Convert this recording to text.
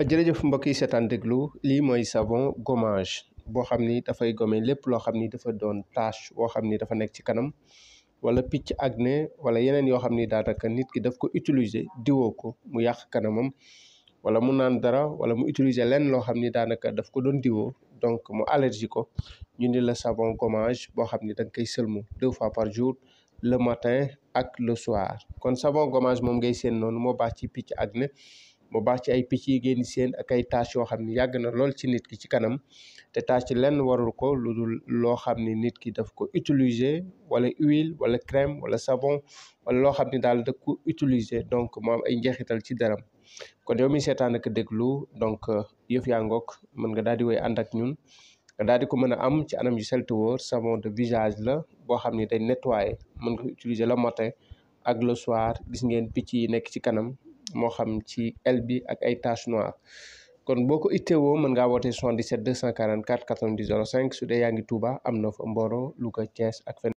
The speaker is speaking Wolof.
jërëjëf mbokk yi seetaan déglu lii mooy savon gommage boo xam ni dafay gome lépp loo xam ni dafa doon tache boo xam ni dafa nekk ci kanam wala picc acné wala yeneen yoo xam ni daanaka nit ki daf ko utiliser diwoo ko mu yàq kanamam wala mu naan dara wala mu utiliser lenn loo xam ni daanaka daf ko doon diwoo donc mu allergie ko ñu ni la savon gommage boo xam ni da nga koy sëlmu deux fois par jour le matin ak le soir kon savon gommage moom ngay seen noonu moo baax ci picc acné mu baax ci ay picc yi ngeen seen ak ay yoo xam ne yàgg na lool ci nit ki ci kanam te tâche ci lenn warul ko lu dul loo xam ne nit ki daf ko utiliser wala huile wala crème wala savon wala loo xam ne daal da ko utiliser donc mu ay njeexital ci daram kon yow mi seetaan ak déglu donc euh, yëf yaa ngoog mën nga daal di woy ànd ak ñun nga daal di ko mën a am ci anam yu seltu wóor savon de visage la boo xam ne day nettoyer mën nga utiliser le matin ak le soir gis ngeen picc yi nekk ci kanam moo xam ci aile bi ak ay taches noires kon boo ko itteewoo mën ngaa woote 77 244 90 05 su dee yaa ngi Touba am na Mboro Louga Thiès ak fenn.